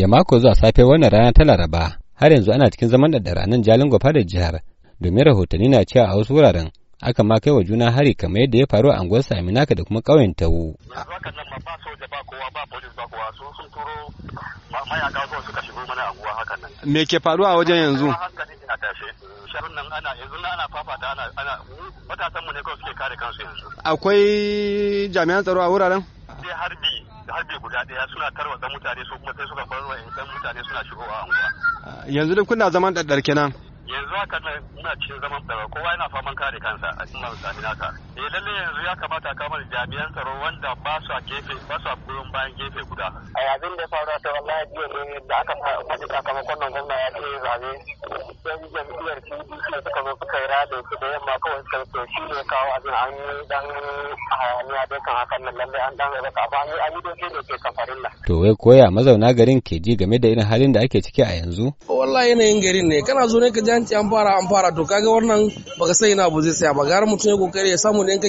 ya mako zuwa safe wannan rana ta laraba har yanzu ana cikin zaman ɗaɗɗara nan jalin gwafa da jihar domin rahotanni na cewa a wasu wuraren aka ma kai wa juna hari kamar yadda ya faru a anguwar Saminaka da kuma ƙauyen Tawu. Hakan nan ba soja ba kowa ba polis ba kowa su sun turo mayaka zuwa suka shigo mana anguwa hakan nan. Me ke faruwa a wajen yanzu? Hankali nan ana yanzu na ana fafata ana ana ne kawai suke kare kansu yanzu. Akwai jami'an tsaro a wuraren? harbe guda daya suna tarwa tarwatsa mutane su kuma sai suka farwa ɗan mutane suna shigowa anguwa. Ah, yanzu duk kuna zaman ɗaɗɗar kenan. yanzu haka na ina cikin zaman tsaro kowa yana faman kare kansa a cikin sami naka eh lalle yanzu ya kamata kamar jami'an tsaro wanda ba su a gefe ba su a goyon bayan gefe guda a yanzu da faru ta wallahi jiya ne da aka fara kawai suka to shi ne kawo an an dan koya mazauna garin ke ji game da irin halin da ake ciki a yanzu? Wallahi yanayin garin ne kana zo ne ka ji an ce an fara an fara to kaga wannan baka sai ina abu zai saya ba gara mutum ya kokari ya samu da in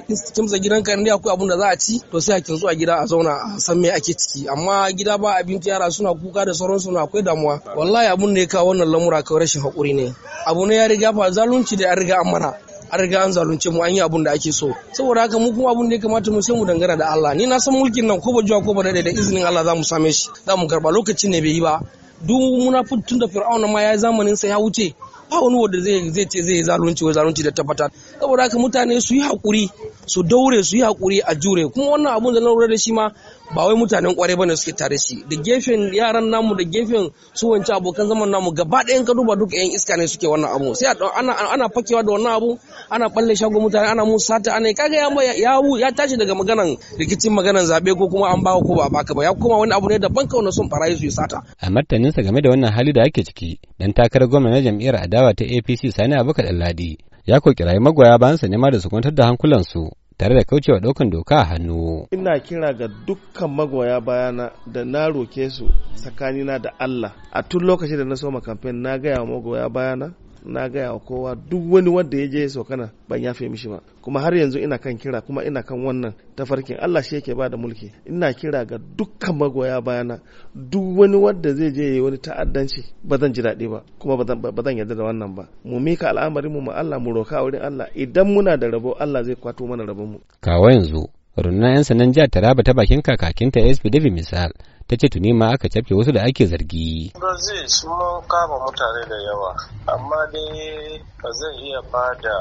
sa gidan ka ne akwai abun da za a ci to sai a zuwa a gida a zauna a san me ake ciki amma gida ba abinci yara suna kuka da sauransu na akwai damuwa wallahi abun ne ya kawo wannan lamura kawai rashin haƙuri ne abu ne ya riga fa zalunci da ya riga an mana an riga an zalunce mu an yi abun da ake so saboda haka mu kuma abun da ya kamata mu sai mu dangara da Allah ni na san mulkin nan ko ba jiwa ko ba daɗe da izinin Allah za mu same shi za mu karba lokacin ne bai yi ba duk munafin tun da fir'auna ma ya zamanin sa ya wuce ba wani wanda zai zai ce zai zalunci wai zalunci da tabbata saboda haka mutane su yi hakuri su daure su yi hakuri a jure kuma wannan abun da na lura da shi ma ba wai mutanen kwarai bane suke tare shi da gefen yaran namu da gefen su wancan abokan zaman namu gaba ɗaya ka duba duk yan iska ne suke wannan abu sai ana fakewa da wannan abu ana balle shago mutane ana musu sata ana kaga ya ya ya tashi daga maganan rikicin maganan zabe ko kuma an ba ko ba baka ba ya kuma wani abu ne da banka wannan sun barayi su yi sata a martanin sa game da wannan hali da ake ciki dan takarar gwamnati jam'iyyar adawa ta APC Sani Abubakar Alladi ya ko kirayi magoya bayan sa nema da su kwantar da hankulansu tare da kaucewa ɗaukan doka a hannu. Ina kira ga dukkan magoya bayana da na roke su tsakanina da Allah. A tun lokacin da na soma kamfen na gaya wa magoya bayana na gaya wa kowa duk wani wanda ya je ya sokana ban yafe mishi ba kuma har yanzu ina kan kira kuma ina kan wannan tafarkin Allah shi yake bada mulki ina kira ga dukkan magoya bayana duk wani wanda zai je yayi wani ta'addanci ba zan ji daɗi ba kuma ba zan yarda da wannan ba mu mika al'amarin mu ma Allah mu roka wurin Allah idan muna da rabo Allah zai kwato mana rabon mu kawa yanzu runa 'yan sanan jihar Taraba ta bakin kakakinta SP David misal ta ce tuni ma aka cafke wasu da ake zargi. Brazil sun kama mutane da yawa amma dai ba zai iya ba da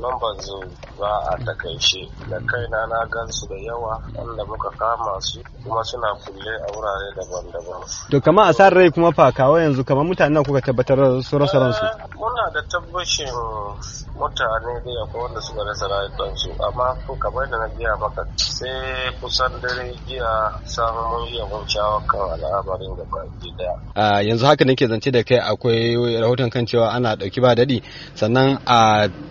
lambar zo ba a takaice da kaina na gansu da yawa wanda muka kama su kuma suna kulle a wurare daban-daban. To kama a sa rai kuma fakawa kawo yanzu kamar mutanen kuka tabbatar su rasa ransu. Eh, muna da tabbashin mutane da akwai wanda suka rasa rayukansu amma ko kamar da na biya maka sai kusan dare jiya samun mun iya wucewa kan al'amarin da baki daya. A yanzu haka nake zance da kai akwai rahoton kan cewa ana dauki ba dadi sannan a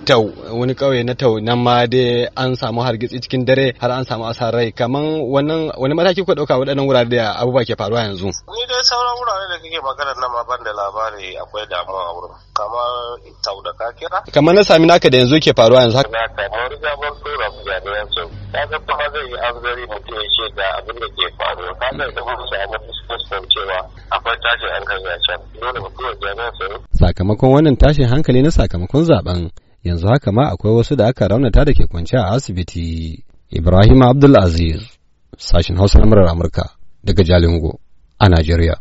tau wani kauye na tau nan ma dai an samu hargitsi cikin dare har an samu asar rai kaman wannan wani mataki kuka dauka waɗannan wurare da abubuwa ke faruwa yanzu. Ni dai sauran wurare da kake magana nan ma ban da labari akwai damuwa a wurin kamar tau da ka Kamar na sami naka da yanzu ke faruwa yanzu haka. Na kamar tura kaga kuma zai yi gari mutum ya ce da abin da ke faruwa kaga da kuma samu fuskantar cewa akwai tashin hankali a can dole mutum ya jami'a sai. sakamakon wannan tashin hankali na sakamakon zaben yanzu haka ma akwai wasu da aka raunata da ke kwanciya a asibiti ibrahim abdulaziz sashin hausa na murar amurka daga jalingo a najeriya